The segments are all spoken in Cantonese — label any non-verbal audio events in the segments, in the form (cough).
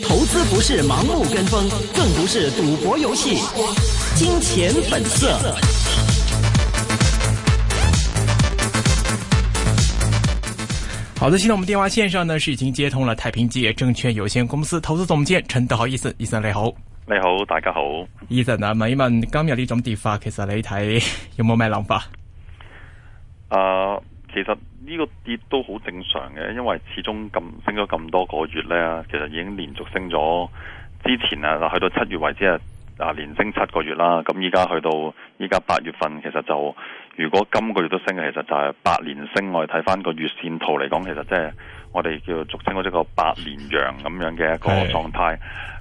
投資不是盲目跟風，更不是賭博遊戲，金錢本色，哈哈哈哈。好的，現在我們電話線上呢是已經接通了太平基業證券有限公司投資總監陳德豪，醫生、醫生你好，你好 lament，大家好，醫生啊，問一問今日呢咁跌法，其實你睇有冇咩諗法？誒。其實呢個跌都好正常嘅，因為始終咁升咗咁多個月呢，其實已經連續升咗之前啊，去到七月為止啊，連升七個月啦。咁依家去到依家八月份，其實就如果今個月都升嘅，其實就係八年升。我哋睇翻個月線圖嚟講，其實即、就、係、是、我哋叫俗稱咗一個八年陽咁樣嘅一個狀態。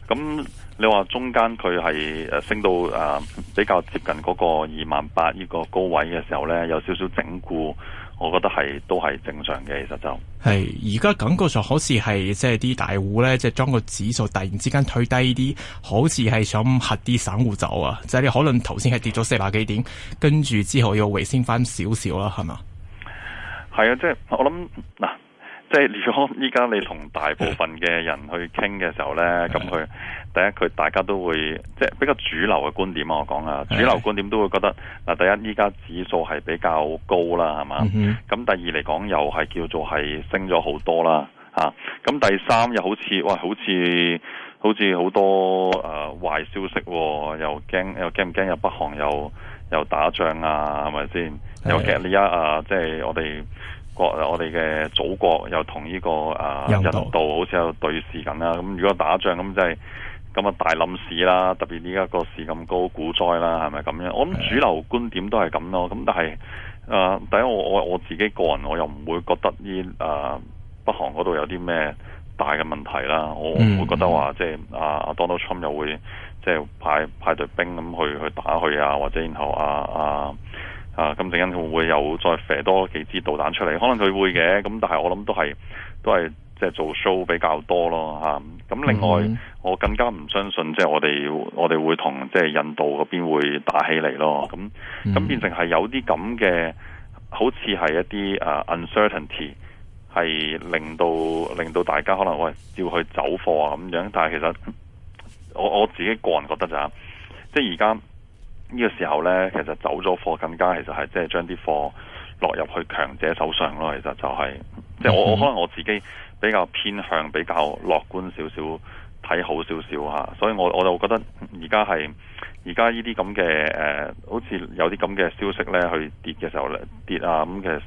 咁是你話中間佢係升到誒、啊、比較接近嗰個二萬八呢個高位嘅時候呢，有少少整固。我覺得係都係正常嘅，其實就係而家感覺上好似係即係啲大戶咧，即係將個指數突然之間推低啲，好似係想吓啲散戶走啊！即係你可能頭先係跌咗四百幾點，跟住之後要回升翻少少啦，係嘛？係啊，即係我諗嗱。即係如果依家你同大部分嘅人去傾嘅時候咧，咁佢、哦、第一佢 (noise) 大家都會即係比較主流嘅觀點啊，我講啊，主流觀點都會覺得嗱，第一依家指數係比較高啦，係嘛？咁第二嚟講又係叫做係升咗好多啦，嚇、啊！咁第三又好似哇，好似好似好多誒、呃、壞消息喎、啊，又驚又驚唔驚入北韓又又打仗啊？係咪先？又其實依家啊，即係我哋。我哋嘅祖國又同呢、這個啊印度好似有對視緊啦，咁、嗯、如果打仗咁就係咁啊大冧市啦，特別而家個市咁高股災啦，係咪咁樣？我諗主流觀點都係咁咯，咁但係啊，第一我我我自己個人我又唔會覺得呢啊北韓嗰度有啲咩大嘅問題啦，我唔會覺得話、嗯、即係啊 Donald Trump 又會即係派派隊兵咁去去，去打佢啊，或者然後啊啊。啊啊啊！咁陣間佢會唔會又再射多幾支導彈出嚟？可能佢會嘅，咁但係我諗都係都係即係做 show 比較多咯嚇。咁、啊啊、另外，mm hmm. 我更加唔相信即係我哋我哋會同即係印度嗰邊會打起嚟咯。咁咁、mm hmm. 變成係有啲咁嘅，好似係一啲誒、uh, uncertainty 係令到令到大家可能喂要去走貨啊咁樣。但係其實我我自己個人覺得就係、即係而家。呢個時候呢，其實走咗貨更加，其實係即係將啲貨落入去強者手上咯。其實就係、係，即係我可能我自己比較偏向比較樂觀少少，睇好少少嚇。所以我我就覺得而家係而家呢啲咁嘅誒，好似、呃、有啲咁嘅消息呢，去跌嘅時候咧跌啊咁嘅，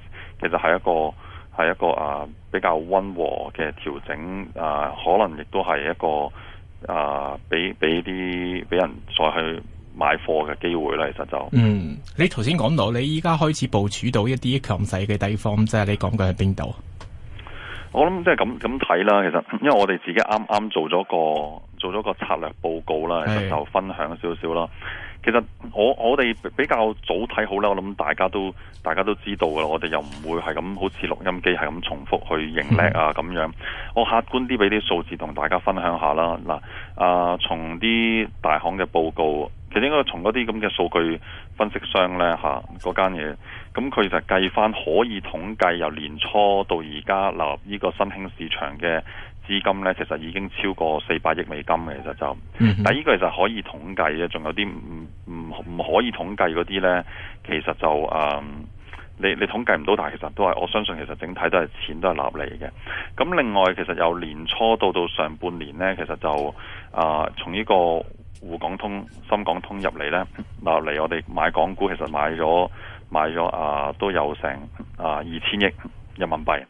其實係一個係一個啊、呃、比較温和嘅調整啊、呃，可能亦都係一個啊俾俾啲俾人再去買貨嘅機會咧，其實就嗯，你頭先講到你依家開始部署到一啲強勢嘅地方，即係你講嘅喺邊度？我諗即係咁咁睇啦，其實因為我哋自己啱啱做咗個做咗個策略報告啦，其實就分享少少啦。是其實我我哋比較早睇好啦，我諗大家都大家都知道噶啦，我哋又唔會係咁好似錄音機係咁重複去認叻啊嗯，咁樣。我客觀啲俾啲數字同大家分享下啦。嗱，呃，啊，從啲大行嘅報告。其實應該從嗰啲咁嘅數據分析商咧，嚇嗰間嘢，咁佢就計翻可以統計由年初到而家流入呢個新興市場嘅資金咧，其實已經超過四百億美金嘅，其實就，但係依個其實可以統計嘅，仲有啲唔唔唔可以統計嗰啲咧，其實就誒、啊，你你統計唔到，但係其實都係，我相信其實整體都係錢都係立嚟嘅。咁、嗯、另外其實由年初到到上半年咧，其實就啊，從呢個。滬港通、深港通入嚟呢，落嚟我哋買港股，其實買咗買咗啊，都有成啊二千億人民幣。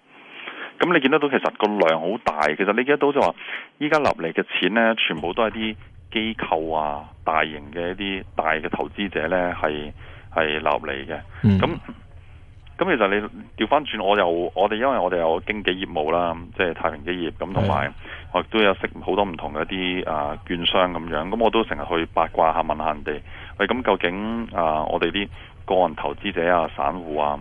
咁你見得到其實個量好大，其實你見到就話，依家落嚟嘅錢呢，全部都係啲機構啊、大型嘅一啲大嘅投資者呢，係係落嚟嘅。咁咁其實你調翻轉，我又我哋因為我哋有經紀業務啦，即係太平基業咁，同埋的我亦都有識好多唔同嘅一啲啊券商咁樣。咁我都成日去八卦下，問下人哋喂，咁究竟啊我哋啲個人投資者啊、散戶啊，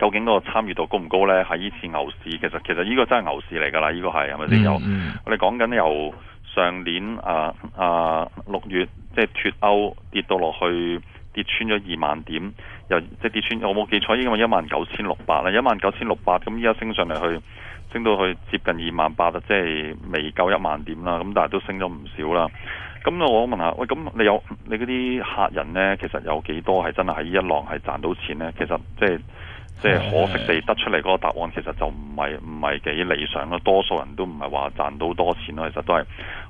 究竟個參與度高唔高咧？喺呢次牛市，其實其實呢個真係牛市嚟噶啦，呢、呢個係係咪先？又、嗯嗯、我哋講緊由上年啊啊六月即係脫歐跌到落去。跌穿咗二萬點，又即係跌穿，我冇記錯，已經係一萬九千六百啦，一萬九千六百咁，依家升上嚟去，升到去接近二萬八啦，即係未夠一萬點啦，咁但係都升咗唔少啦。咁我問下，喂，咁你有你嗰啲客人呢？其實有幾多係真係喺一浪係賺到錢呢？其實即係即係可惜地得出嚟嗰個答案，其實就唔係唔係幾理想咯。多數人都唔係話賺到多錢咯，其實都係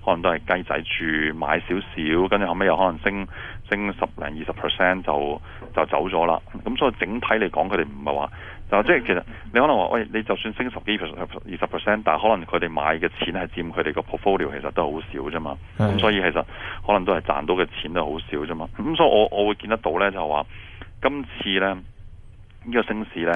可能都係雞仔住買少少，跟住後尾又可能升。升十零二十 percent 就就走咗啦，咁所以整體嚟講，佢哋唔係話，就即係其實你可能話，喂，你就算升十幾二十 percent，但係可能佢哋買嘅錢係佔佢哋個 portfolio 其實都係好少啫嘛，咁的所以其實可能都係賺到嘅錢都係好少啫嘛，咁所以我我會見得到咧，就話今次咧呢、呢個升市咧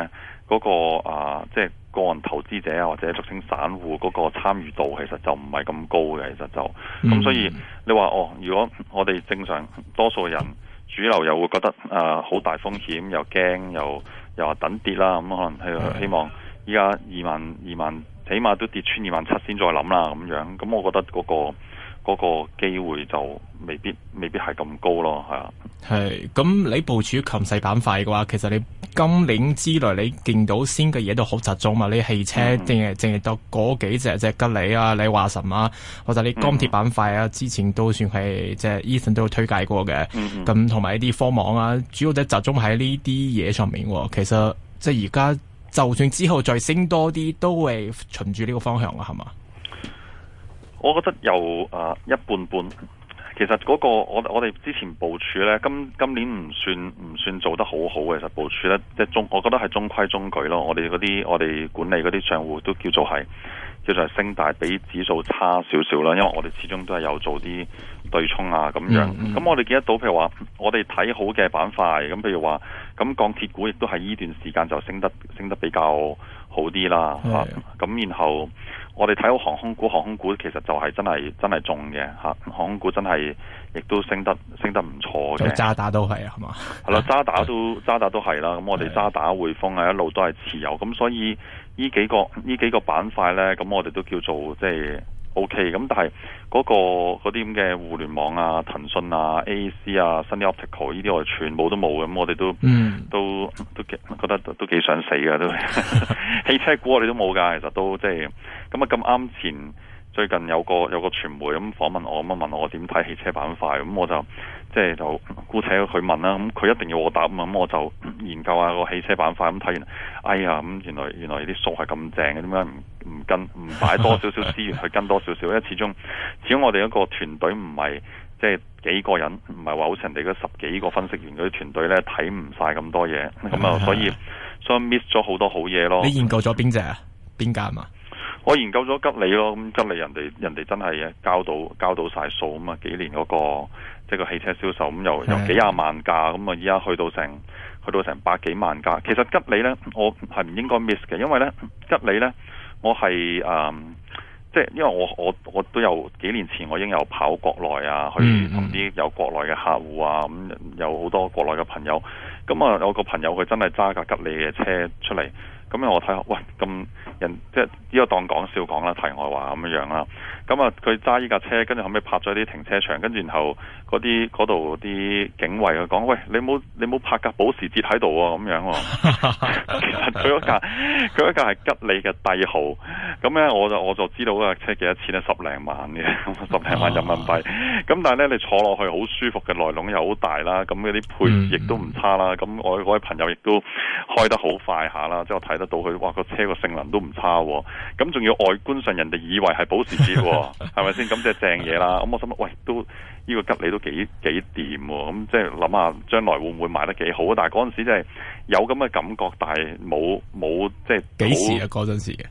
嗰、嗰個啊、呃、即係。個人投資者啊，或者俗稱散戶嗰個參與度，其實就唔係咁高嘅，其實就咁，所以你話哦，如果我哋正常多數人主流又會覺得誒好大風險，又驚，又又話等跌啦，咁可能係希望依家二萬二萬，起碼都跌穿二萬七先再諗啦咁樣，咁我覺得嗰個。嗰個機會就未必未必係咁高咯，係啊。係咁，你部署禽世板塊嘅話，其實你金領之類，你見到先嘅嘢都好集中嘛。你汽車定係定係得嗰幾隻，即吉利啊、你華神啊，或者你鋼鐵板塊啊，嗯、之前都算係即係、e、Ethan 都有推介過嘅。咁同埋啲科網啊，主要都集中喺呢啲嘢上面，啊。其實即係而家，就算之後再升多啲，都會循住呢個方向啊，係嘛？我覺得又啊、呃、一半半，其實嗰、那個我我哋之前部署咧，今今年唔算唔算做得好好嘅，其實部署咧即係中，我覺得係中規中矩咯。我哋嗰啲我哋管理嗰啲賬戶都叫做係叫做係升大，比指數差少少啦。因為我哋始終都係有做啲對沖啊咁樣。咁、mm, mm, mm. 我哋記得到譬如話，我哋睇好嘅板塊，咁譬如話咁鋼鐵股，亦都係呢段時間就升得升得比較好啲啦。咁然後。我哋睇好航空股，航空股其實就係真係真係重嘅吓，航空股真係亦都升得升得唔錯嘅。 (laughs) 渣打都係啊，係嘛？係啦，渣打都渣打都係啦，咁我哋渣打匯豐啊，一路都係持有，咁所以呢幾個呢幾個板塊咧，咁我哋都叫做即係。O K，咁但係嗰、那個嗰啲咁嘅互聯網啊、騰訊啊、A C 啊、Sunny Optical 呢啲我哋全部都冇咁，我哋都、mm. 都都幾覺得都,都幾想死噶都。 (laughs) (laughs) 汽車股我哋都冇噶，其實都即係咁啊咁啱前。.最近有個有個傳媒咁訪問我，咁啊問我點睇汽車板塊咁、嗯、我就即係就姑且佢問啦，咁佢一定要我答，咁咁、嗯、我就研究下個汽車板塊咁，睇完，哎呀咁原來原來啲數係咁正嘅，點解唔唔跟唔擺多少少資源去跟多少少咧？始終始終我哋一個團隊唔係即係幾個人，唔係話好似人哋嗰十幾個分析員嗰啲團隊咧，睇唔晒咁多嘢咁啊，所以所以 miss 咗好多好嘢咯。你研究咗邊隻啊？邊間啊？我研究咗吉利咯，咁吉利人哋人哋真係啊交到交到晒數啊嘛！幾年嗰、那個即係、就是、個汽車銷售咁，又由幾廿萬架咁啊！依家去到成去到成百幾萬架。其實吉利咧，我係唔應該 miss 嘅，因為咧吉利咧，我係誒、呃、即係因為我我我都有幾年前我已經有跑國內啊，去同啲有國內嘅客戶啊，咁、mm hmm. 有好多國內嘅朋友。咁、嗯、啊，有個朋友佢真係揸架吉利嘅車出嚟。咁啊！我睇下，喂，咁人即係呢、這個當講笑講啦，題外話咁樣樣啦。咁、嗯、啊，佢揸呢架車，跟住後尾拍咗啲停車場，跟住然後嗰啲嗰度啲警衞啊，講喂，你冇你冇拍架保時捷喺度啊，咁樣。 (laughs) 其實佢嗰架佢架係吉利嘅帝豪。咁咧，我就我就知道嗰架車幾多錢啊？十零萬嘅，十零萬人民幣。咁、 (laughs) 啊、但係咧，你坐落去好舒服嘅，內籠又好大啦。咁嗰啲配置亦都唔差啦。咁我我位朋友亦都開得好快下啦，即係我睇得。到佢哇！個車個性能都唔差，哦，咁仲要外觀上人哋以為係保時捷，哦，係咪先？咁即係正嘢啦。咁 (laughs) 我心諗，喂，都呢、這個吉利都幾幾掂喎。咁、哦、即係諗下將來會唔會賣得幾好？但係嗰陣時真係有咁嘅感覺，但係冇冇即係幾時啊？嗰陣時嘅，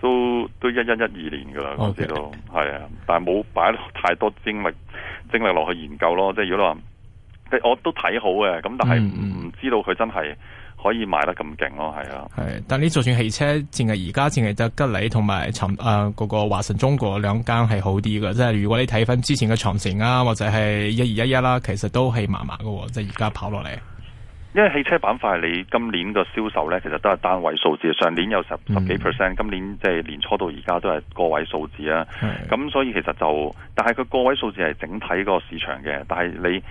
都都一一一二年噶啦，嗰時都係啊。Okay. 但係冇擺太多精力精力落去研究咯。即係如果話，我都睇好嘅，咁但係唔知道佢真係、嗯。可以賣得咁勁咯，係啊！係，但係呢？就算汽車，淨係而家淨係得吉利同埋尋誒嗰個華晨中國兩間係好啲嘅，即係如果你睇翻之前嘅長城啊，或者係一二一一啦，其實都係麻麻嘅，即係而家跑落嚟。因為汽車板塊你今年嘅銷售咧，其實都係單位數字，上年有十十幾 percent，嗯，今年即係年初到而家都係個位數字啊。咁係，所以其實就，但係佢個位數字係整體個市場嘅，但係你。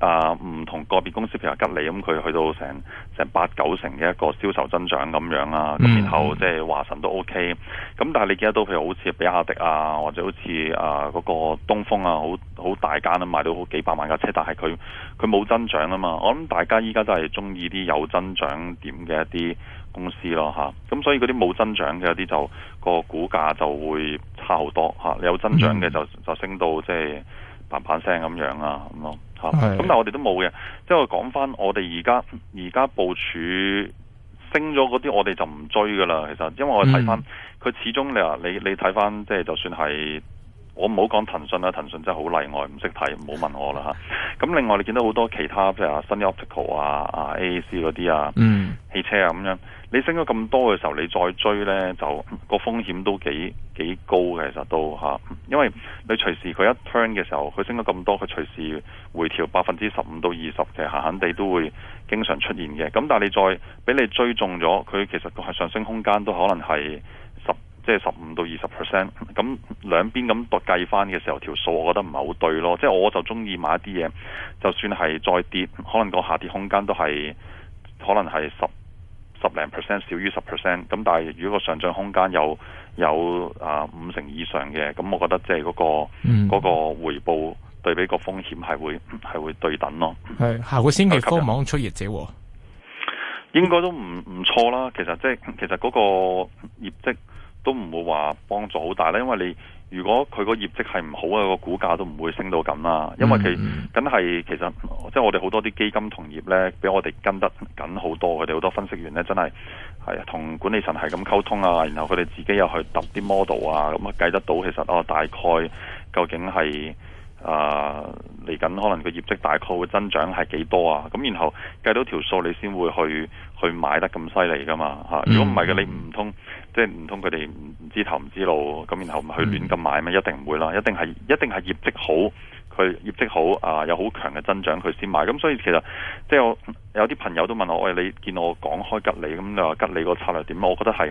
啊，唔同個別公司譬如吉利咁，佢去到成成八九成嘅一個銷售增長咁樣啊，嗯、然後即係華晨都 OK，咁、嗯、但係你記得到譬如好似比亞迪啊，或者好似啊嗰、嗰個東風啊，好好大間啊，賣到好幾百萬架車，但係佢佢冇增長啊嘛，我諗大家依家都係中意啲有增長點嘅一啲公司咯吓，咁、啊嗯、所以嗰啲冇增長嘅一啲就個股價就會差好多、啊、你有增長嘅就就升到即係嘭嘭聲咁樣啊咁咯。嗯嗯嗯.咁是但係我哋都冇嘅，即係我講翻我哋而家而家部署升咗嗰啲，我哋就唔追噶啦。其實，因為我睇翻佢始終，你話你你睇翻，即係就算係。我唔好講騰訊啦，騰訊真係好例外，唔識睇，唔好問我啦吓。咁、啊、另外你見到好多其他譬如係 Sunny Optical 啊、啊 A A C 嗰啲啊，嗯，mm. 汽車啊咁樣，你升咗咁多嘅時候，你再追呢，就個風險都幾幾高嘅，其實都吓、啊，因為你隨時佢一 turn 嘅時候，佢升咗咁多，佢隨時回調百分之十五到二十其實，閒閒地都會經常出現嘅。咁但係你再俾你追中咗，佢其實個係上升空間都可能係。即係十五到二十 percent，咁兩邊咁度計翻嘅時候，條數我覺得唔係好對咯。即係我就中意買一啲嘢，就算係再跌，可能個下跌空間都係可能係十十零 percent 少於十 percent。咁但係如果個上漲空間有有啊五成以上嘅，咁我覺得即係嗰、嗰個嗯、個回報對比個風險係會係會對等咯。係，下個星期科網出業者、哦啊、應該都唔唔錯啦。其實即係其實嗰、嗰個業績。都唔會話幫助好大咧，因為你如果佢個業績係唔好啊，個股價都唔會升到咁啦。因為佢梗係其實，即係我哋好多啲基金同業咧，俾我哋跟得緊好多。佢哋好多分析員咧，真係係啊，同管理層係咁溝通啊，然後佢哋自己又去揼啲 model 啊，咁啊計得到其實啊、哦、大概究竟係。啊，嚟緊、uh, 可能個業績大概會增長係幾多啊？咁然後計到條數，你先會去去買得咁犀利噶嘛？吓、啊，如果唔係嘅，嗯、你唔通即係唔通佢哋唔知頭唔知，知路，咁然後唔去亂咁買咩？嗯、一定唔會啦，一定係一定係業績好，佢業績好啊，有好強嘅增長佢先買。咁所以其實即係我有啲朋友都問我，喂，你見我講開吉利咁，你話吉利個策略點？我覺得係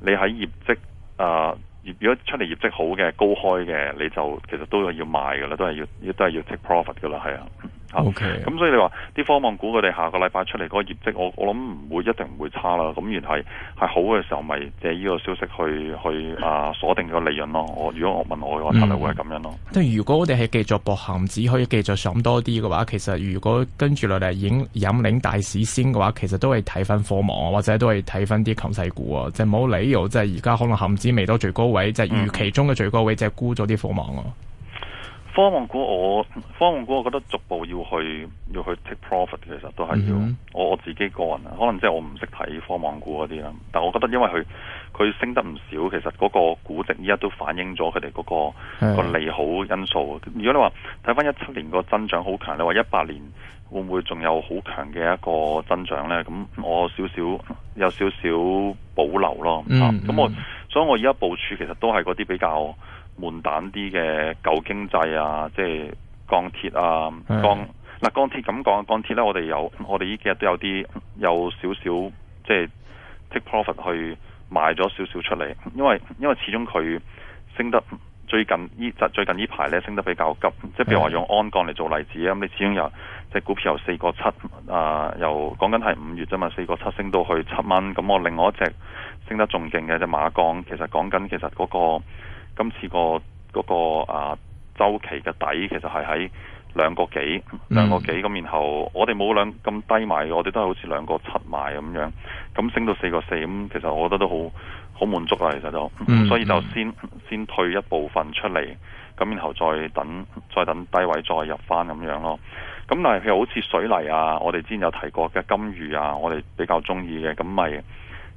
你喺業績啊。呃如果出嚟業績好嘅、高開嘅，你就其實都係要賣嘅啦，都係要、都係要 take profit 噶啦，係啊。O K。咁所以你話啲科網股佢哋下個禮拜出嚟嗰個業績，我我諗唔會一定唔會差啦。咁然係係好嘅時候，咪借呢個消息去去啊呃、鎖定咗利潤咯。我如果我問我嘅話，嗯、可能會係咁樣咯。即係、嗯嗯、如果我哋係繼續博恒指，可以繼續上多啲嘅話，其實如果跟住落嚟引引領大市先嘅話，其實都係睇翻科網或者都係睇翻啲強勢股啊。即係冇理由，即係而家可能恒指未到最高位，即係預期中嘅最高位、啊，即係沽咗啲科網咯。科網股我科網股，我覺得逐步要去要去 take profit，其實都係要、mm hmm. 我自己個人啊。可能即係我唔識睇科網股嗰啲啦。但係我覺得因為佢佢升得唔少，其實嗰個估值依家都反映咗佢哋嗰個 Yeah. 個利好因素。如果你話睇返一七年個增長好強，你話一八年會唔會仲有好強嘅一個增長咧？咁我少少有少少保留咯。咁、mm hmm. 啊、我所以我而家部署其實都係嗰啲比較。悶蛋啲嘅舊經濟啊，即係鋼鐵啊，鋼嗱 (noise) 鋼鐵咁講，鋼鐵咧我哋有，我哋呢幾日都有啲有少少即係 take profit 去賣咗少少出嚟，因為因為始終佢升得最近呢就最，最，最近呢排咧升得比較急，即係譬如話用鞍鋼嚟做例子啊，咁 (noise) 你始終由即係股票由四個七啊，由講緊係五月啫嘛，四個七升到去七蚊，咁我另外一隻升得仲勁嘅隻馬鋼，其實講緊其實嗰、嗰個。今次個嗰個啊週期嘅底其實係喺兩個幾、嗯、兩個幾咁，然後我哋冇兩咁低買，我哋都係好似兩個七買咁樣，咁升到四個四咁，其實我覺得都好好滿足啊，其實就、嗯、所以就先先退一部分出嚟，咁然後再等再等低位再入翻咁樣咯。咁但係譬如好似水泥啊，我哋之前有提過嘅金隅啊，我哋比較中意嘅咁咪。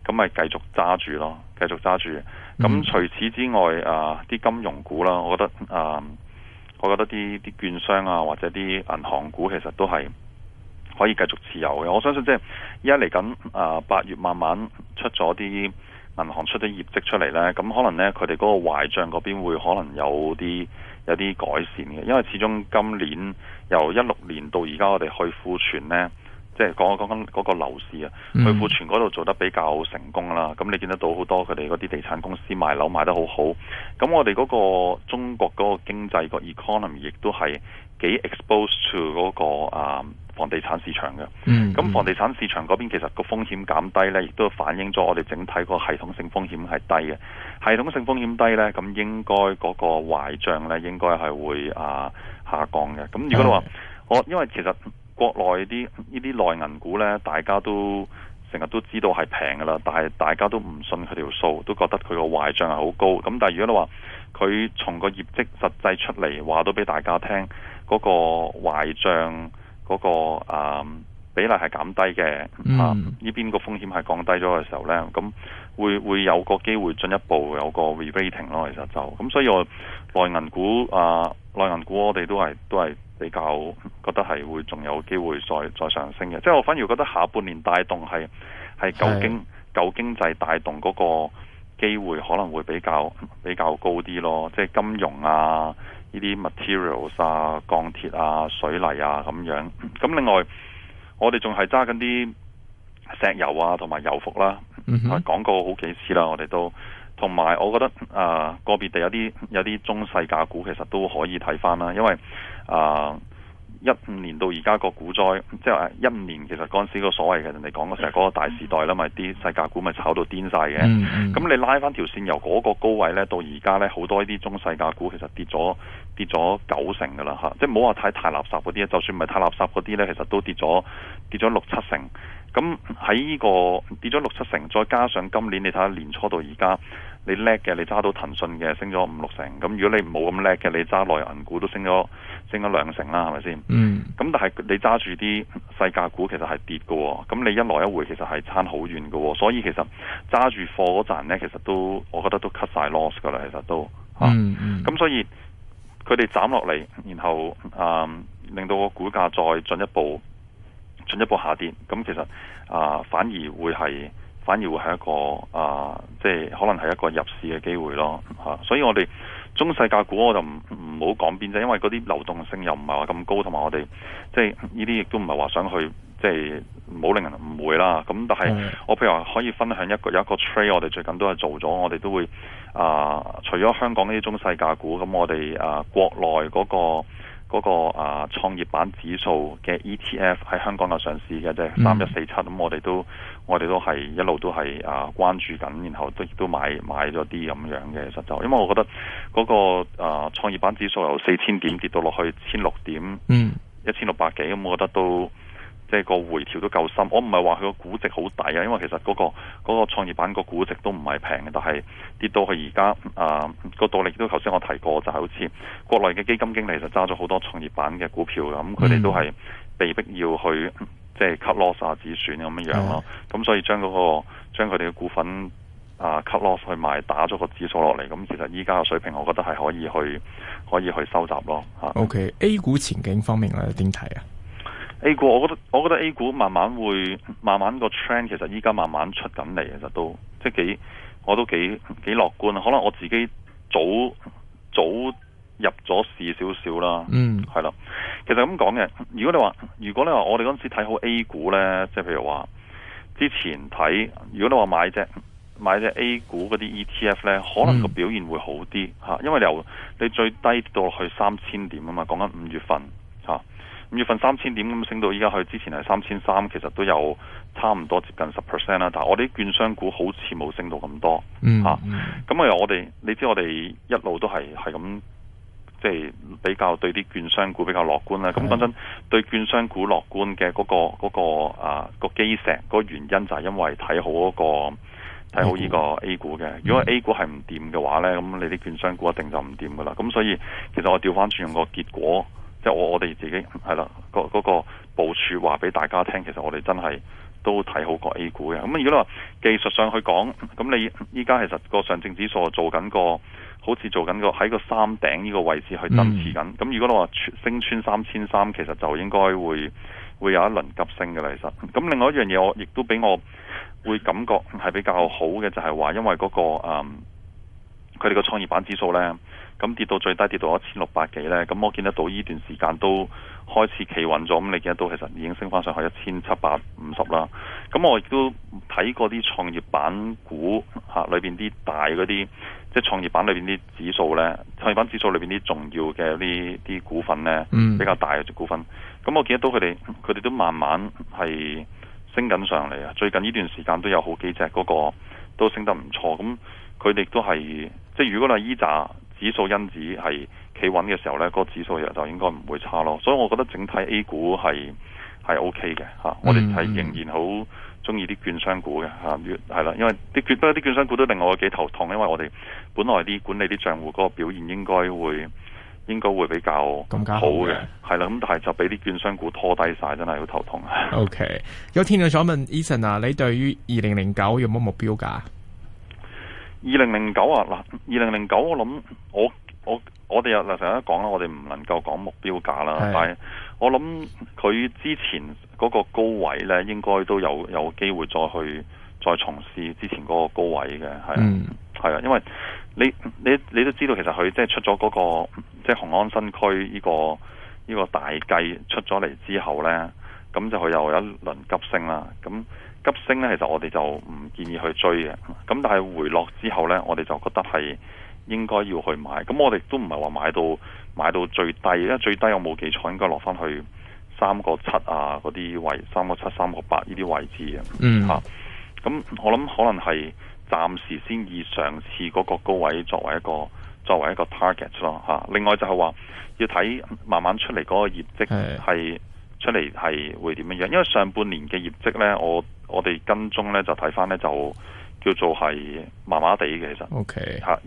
咁咪繼續揸住咯，繼續揸住。咁除此之外，啊、呃，啲金融股啦，我覺得啊、呃，我覺得啲啲券商啊，或者啲銀行股，其實都係可以繼續持有嘅。我相信即係依家嚟緊啊，八、呃、月慢慢出咗啲銀行出啲業績出嚟呢，咁可能呢，佢哋嗰個壞帳嗰邊會可能有啲有啲改善嘅，因為始終今年由一六年到而家，我哋去庫存呢。即係講講緊嗰個樓市啊，嗯、去庫存嗰度做得比較成功啦。咁你見得到好多佢哋嗰啲地產公司賣樓賣得好好。咁我哋嗰個中國嗰個經濟、個 economy 亦都係幾 exposed to 嗰個啊房地產市場嘅。咁、嗯嗯、房地產市場嗰邊其實個風險減低咧，亦都反映咗我哋整體個系統性風險係低嘅。系統性風險低咧，咁應該嗰個壞帳咧應該係會啊下降嘅。咁如果你話、哎、我，因為其實。國內啲呢啲內銀股呢，大家都成日都知道係平㗎喇，但係大家都唔信佢條數，都覺得佢個壞帳係好高。咁但係如果你話佢從個業績實際出嚟話到俾大家聽，嗰個壞帳嗰個啊比例係減低嘅，啊呢邊個風險係降低咗嘅時候呢，咁會會有個機會進一步有個 re-rating 咯。其實就咁，所以我內銀股啊。內銀股我哋都係都係比較覺得係會仲有機會再再上升嘅，即係我反而覺得下半年帶動係係舊經舊的經濟帶動嗰個機會可能會比較比較高啲咯，即係金融啊、呢啲 materials 啊、鋼鐵啊、水泥啊咁樣。咁另外我哋仲係揸緊啲石油啊同埋油服啦，講、嗯、哼過好幾次啦，我哋都。同埋，我覺得啊、呃，個別地有啲有啲中細價股其實都可以睇翻啦，因為啊，一、呃、五年到而家個股災，即係話一五年其實嗰陣時個所謂嘅人哋講嘅成係嗰個大時代啦咪啲細價股咪炒到癲晒嘅，咁、嗯嗯、你拉翻條線由嗰個高位咧到而家咧，好多呢啲中細價股其實跌咗跌咗九成嘅啦嚇，即係唔好話睇太垃圾嗰啲，就算唔係太垃圾嗰啲咧，其實都跌咗跌咗六七成。咁喺呢個跌咗六七成，再加上今年你睇下年初到而家，你叻嘅你揸到騰訊嘅升咗五六成，咁如果你冇咁叻嘅，你揸內銀股都升咗升咗兩成啦，係咪先？嗯。咁但係你揸住啲細價股其實係跌嘅，咁你一來一回其實係差好遠嘅，所以其實揸住貨嗰陣咧，其實都我覺得都 cut 晒 loss 嘅啦，其實都嚇。咁、嗯嗯、所以佢哋斬落嚟，然後嗯令到個股價再進一步。進一步下跌，咁其實啊、呃，反而會係，反而會係一個啊、呃，即係可能係一個入市嘅機會咯嚇、啊。所以我哋中細價股我就唔唔好講邊隻，因為嗰啲流動性又唔係話咁高，同埋我哋即係呢啲亦都唔係話想去，即係唔好令人誤會啦。咁但係、嗯、我譬如話可以分享一個有一個 trade，我哋最近都係做咗，我哋都會啊、呃，除咗香港呢啲中細價股，咁我哋啊、呃、國內嗰、那個。嗰、那個啊創業板指數嘅 ETF 喺香港有上市嘅，即係三一四七，咁、嗯、我哋都我哋都係一路都係啊關注緊，然後都亦都買買咗啲咁樣嘅實在，因為我覺得嗰、那個啊創業板指數由四千點跌到落去千六點，一千六百幾，咁、嗯嗯嗯、我覺得都。即係個回調都夠深，我唔係話佢個估值好抵啊，因為其實嗰、那個嗰、那個創業板個估值都唔係平嘅，但係跌到去而家啊個道理都頭先我提過，就係、好似國內嘅基金經理就揸咗好多創業板嘅股票啦，咁佢哋都係被逼要去即係 cut loss 啊止損咁樣樣咯，咁、嗯、所以將、那個將佢哋嘅股份啊、呃、cut loss 去賣，打咗個指數落嚟，咁、嗯、其實依家嘅水平，我覺得係可以去可以去收集咯。OK，A 股前景方面我哋點睇啊？A 股，我覺得我覺得 A 股慢慢會慢慢個 trend，其實依家慢慢出緊嚟，其實都即係幾我都幾幾樂觀，可能我自己早早入咗市少少啦，嗯，係啦。其實咁講嘅，如果你話如果你話我哋嗰陣時睇好 A 股呢，即係譬如話之前睇，如果你話買隻買隻 A 股嗰啲 ETF 呢，可能個表現會好啲吓，嗯，因為由你最低跌到去三千點啊嘛，講緊五月份。五月份三千點咁升到依家去，之前係三千三，其實都有差唔多接近十 percent 啦。但係我啲券商股好似冇升到咁多，吓、嗯。咁啊，嗯、我哋你知我哋一路都係係咁，即係、就是、比較對啲券商股比較樂觀啦。咁等陣，對券商股樂觀嘅嗰、那個嗰、那個、那個、啊、那個基石，那個原因就係因為睇好嗰、那個睇股好呢個 A 股嘅。嗯、如果 A 股係唔掂嘅話咧，咁你啲券商股一定就唔掂噶啦。咁所以，其實我調翻轉用個結果。即係我哋自己係啦，嗰嗰、嗰個部署話俾大家聽，其實我哋真係都睇好過 A 股嘅。咁如果你話技術上去講，咁你依家其實個上證指數做緊個好似做緊個喺個三頂呢個位置去爭持緊。咁、嗯、如果你話升穿三千三，其實就應該會會有一輪急升嘅。其實咁另外一樣嘢，我亦都俾我會感覺係比較好嘅，就係、係、話因為嗰、嗰個佢哋個創業板指數呢。咁跌到最低跌到一千六百幾咧，咁我見得到依段時間都開始企穩咗。咁你見得到其實已經升翻上去一千七百五十啦。咁我亦都睇過啲創業板股嚇裏邊啲大嗰啲，即係創業板裏邊啲指數咧，創業板指數裏邊啲重要嘅呢啲股份咧，mm. 比較大嘅股份。咁我見得到佢哋，佢哋都慢慢係升緊上嚟啊！最近呢段時間都有好幾隻嗰個都升得唔錯。咁佢哋都係即係如果係依扎。指數因子係企穩嘅時候咧，嗰、那個指數又就應該唔會差咯，所以我覺得整體 A 股係係 OK 嘅嚇、啊，我哋係仍然好中意啲券商股嘅嚇，係、啊、啦，因為啲券都啲券商股都令我幾頭痛，因為我哋本來啲管理啲帳戶嗰個表現應該會應該會比較咁加好嘅，係啦、啊，咁但係就俾啲券商股拖低晒，真係好頭痛啊。OK，有天氣想問 Eason 啊，你對於二零零九有冇目標㗎？二零零九啊，嗱，二零零九我諗，我我我哋又成日都講啦，我哋唔能夠講目標價啦，的但係我諗佢之前嗰個高位咧，應該都有有機會再去再重試之前嗰個高位嘅，係啊，係啊、嗯，因為你你你都知道其實佢即係出咗嗰、那個即係雄安新區呢、這個呢、這個大計出咗嚟之後咧，咁就佢又有一輪急升啦，咁。急升咧，其實我哋就唔建議去追嘅。咁但係回落之後呢，我哋就覺得係應該要去買。咁我哋都唔係話買到買到最低，因為最低有冇記錯，應該落翻去三個七啊嗰啲位，三個七、三個八呢啲位置、嗯、啊。嗯。嚇。咁我諗可能係暫時先以上次嗰個高位作為一個作為一個 target 咯、啊、嚇。另外就係話要睇慢慢出嚟嗰個業績係。出嚟係會點樣？因為上半年嘅業績呢，我我哋跟蹤呢就睇返呢，就叫做係麻麻地嘅，其實。OK 吓，二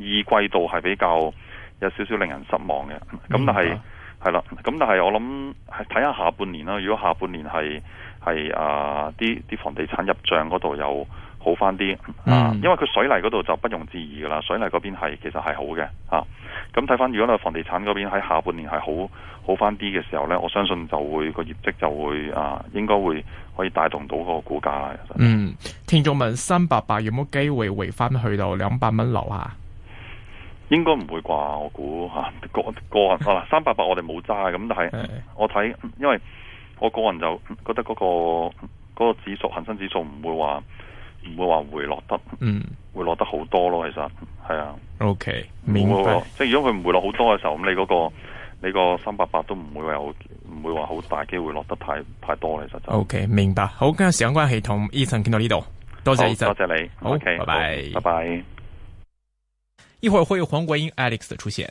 季度係比較有少少令人失望嘅。咁、嗯、但係係啦，咁但係我諗係睇下下半年啦。如果下半年係係啊啲啲房地產入帳嗰度有，好翻啲，嗯，因為佢水泥嗰度就不容置疑噶啦，水泥嗰邊係其實係好嘅，吓、啊，咁睇翻如果咧房地產嗰邊喺下半年係好好翻啲嘅時候呢，我相信就會個業績就會啊，應該會可以帶動到個股價。嗯，聽眾問：三百八有冇機會回翻去到兩百蚊樓下？應該唔會啩，我估吓、啊、個個人，啊， (laughs) 三百八我哋冇揸，咁但係的我睇，因為我個人就覺得嗰、那個、那個指數恒生指數唔會話。唔會話回落得，嗯，回落得好多咯。其實係啊，OK，、那個、明白。即係如果佢唔回落好多嘅時候，咁你嗰、那個你個三百八都唔會話，唔會話好大機會落得太太多。其實就 OK，明白。好，今日時間關係同 Eason 傾到呢度，多謝 Eason，多謝你，好，拜拜 Okay, bye，拜拜。Bye bye 一會會有黃國英 Alex 出現。